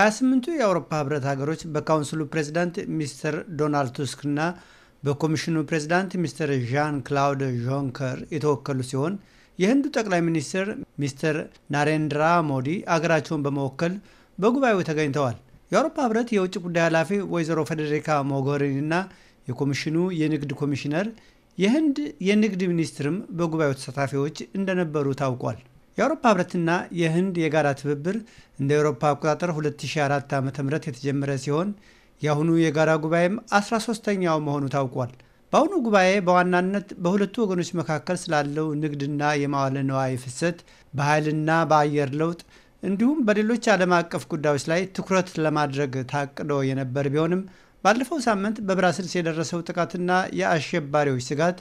28ቱ የአውሮፓ ህብረት ሀገሮች በካውንስሉ ፕሬዚዳንት ሚስተር ዶናልድ ቱስክ እና በኮሚሽኑ ፕሬዚዳንት ሚስተር ዣን ክላውድ ዦንከር የተወከሉ ሲሆን የህንዱ ጠቅላይ ሚኒስትር ሚስተር ናሬንድራ ሞዲ አገራቸውን በመወከል በጉባኤው ተገኝተዋል። የአውሮፓ ህብረት የውጭ ጉዳይ ኃላፊ ወይዘሮ ፌዴሪካ ና የኮሚሽኑ የንግድ ኮሚሽነር የህንድ የንግድ ሚኒስትርም በጉባኤው ተሳታፊዎች እንደነበሩ ታውቋል። የአውሮፓ ህብረትና የህንድ የጋራ ትብብር እንደ አውሮፓ አቆጣጠር 2004 ዓ ም የተጀመረ ሲሆን የአሁኑ የጋራ ጉባኤም 13ተኛው መሆኑ ታውቋል። በአሁኑ ጉባኤ በዋናነት በሁለቱ ወገኖች መካከል ስላለው ንግድና የማዋለ ንዋይ ፍሰት፣ በኃይልና በአየር ለውጥ እንዲሁም በሌሎች ዓለም አቀፍ ጉዳዮች ላይ ትኩረት ለማድረግ ታቅዶ የነበር ቢሆንም ባለፈው ሳምንት በብራስልስ የደረሰው ጥቃትና የአሸባሪዎች ስጋት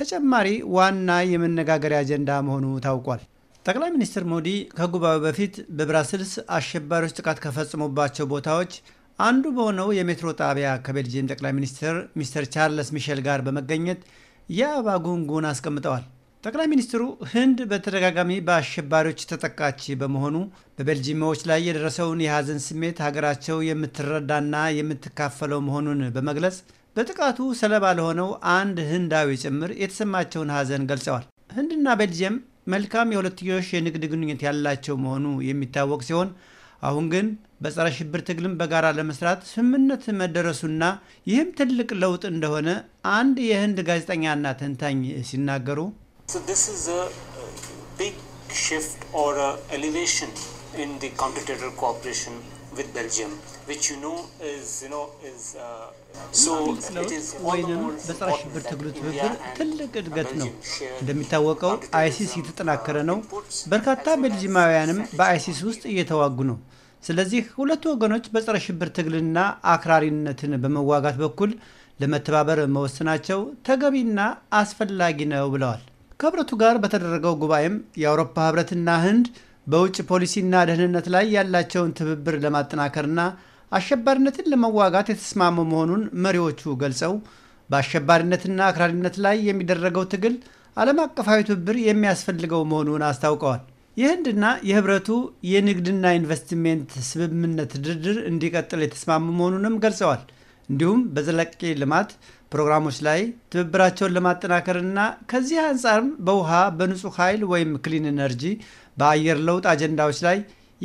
ተጨማሪ ዋና የመነጋገሪያ አጀንዳ መሆኑ ታውቋል። ጠቅላይ ሚኒስትር ሞዲ ከጉባኤው በፊት በብራስልስ አሸባሪዎች ጥቃት ከፈጸሙባቸው ቦታዎች አንዱ በሆነው የሜትሮ ጣቢያ ከቤልጅየም ጠቅላይ ሚኒስትር ሚስተር ቻርለስ ሚሼል ጋር በመገኘት የአበባ ጉንጉን አስቀምጠዋል። ጠቅላይ ሚኒስትሩ ህንድ በተደጋጋሚ በአሸባሪዎች ተጠቃች በመሆኑ በቤልጂሞች ላይ የደረሰውን የሐዘን ስሜት ሀገራቸው የምትረዳና የምትካፈለው መሆኑን በመግለጽ በጥቃቱ ሰለባ ለሆነው አንድ ህንዳዊ ጭምር የተሰማቸውን ሐዘን ገልጸዋል። ህንድና ቤልጅየም መልካም የሁለትዮሽ የንግድ ግንኙነት ያላቸው መሆኑ የሚታወቅ ሲሆን አሁን ግን በጸረ ሽብር ትግልም በጋራ ለመስራት ስምምነት መደረሱና ይህም ትልቅ ለውጥ እንደሆነ አንድ የህንድ ጋዜጠኛና ተንታኝ ሲናገሩ ሽፍት ኦር ኤሌቬሽን ኢን ኮኦፕሬሽን with Belgium, which you know is, you know, is, uh, so it is ወይንም በጸረ ሽብር ትግሉ ትብብር ትልቅ እድገት ነው። እንደሚታወቀው አይሲስ እየተጠናከረ ነው። በርካታ ቤልጂማውያንም በአይሲስ ውስጥ እየተዋጉ ነው። ስለዚህ ሁለቱ ወገኖች በጸረ ሽብር ትግልና አክራሪነትን በመዋጋት በኩል ለመተባበር መወሰናቸው ተገቢና አስፈላጊ ነው ብለዋል። ከህብረቱ ጋር በተደረገው ጉባኤም የአውሮፓ ህብረትና ህንድ በውጭ ፖሊሲና ደህንነት ላይ ያላቸውን ትብብር ለማጠናከርና አሸባሪነትን ለመዋጋት የተስማሙ መሆኑን መሪዎቹ ገልጸው በአሸባሪነትና አክራሪነት ላይ የሚደረገው ትግል ዓለም አቀፋዊ ትብብር የሚያስፈልገው መሆኑን አስታውቀዋል። የህንድና የህብረቱ የንግድና ኢንቨስትሜንት ስምምነት ድርድር እንዲቀጥል የተስማሙ መሆኑንም ገልጸዋል። እንዲሁም በዘላቂ ልማት ፕሮግራሞች ላይ ትብብራቸውን ለማጠናከርና ከዚህ አንጻርም በውሃ፣ በንጹህ ኃይል ወይም ክሊን ኤነርጂ፣ በአየር ለውጥ አጀንዳዎች ላይ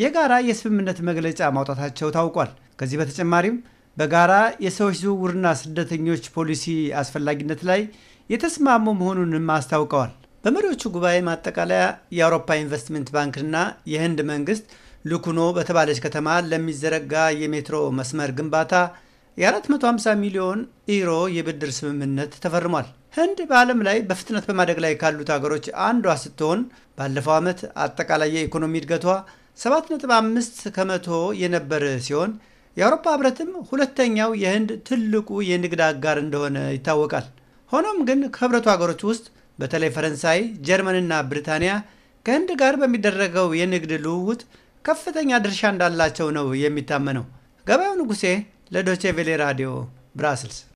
የጋራ የስምምነት መግለጫ ማውጣታቸው ታውቋል። ከዚህ በተጨማሪም በጋራ የሰዎች ዝውውርና ስደተኞች ፖሊሲ አስፈላጊነት ላይ የተስማሙ መሆኑንም አስታውቀዋል። በመሪዎቹ ጉባኤ ማጠቃለያ የአውሮፓ ኢንቨስትመንት ባንክና የህንድ መንግስት ልኩኖ በተባለች ከተማ ለሚዘረጋ የሜትሮ መስመር ግንባታ የ450 ሚሊዮን ኢሮ የብድር ስምምነት ተፈርሟል። ህንድ በዓለም ላይ በፍጥነት በማደግ ላይ ካሉት ሀገሮች አንዷ ስትሆን ባለፈው ዓመት አጠቃላይ የኢኮኖሚ እድገቷ 7.5 ከመቶ የነበረ ሲሆን የአውሮፓ ህብረትም ሁለተኛው የህንድ ትልቁ የንግድ አጋር እንደሆነ ይታወቃል። ሆኖም ግን ከህብረቱ ሀገሮች ውስጥ በተለይ ፈረንሳይ፣ ጀርመንና ብሪታንያ ከህንድ ጋር በሚደረገው የንግድ ልውውጥ ከፍተኛ ድርሻ እንዳላቸው ነው የሚታመነው። ገበያው ንጉሴ La Dolce Vele Radio, Brussels.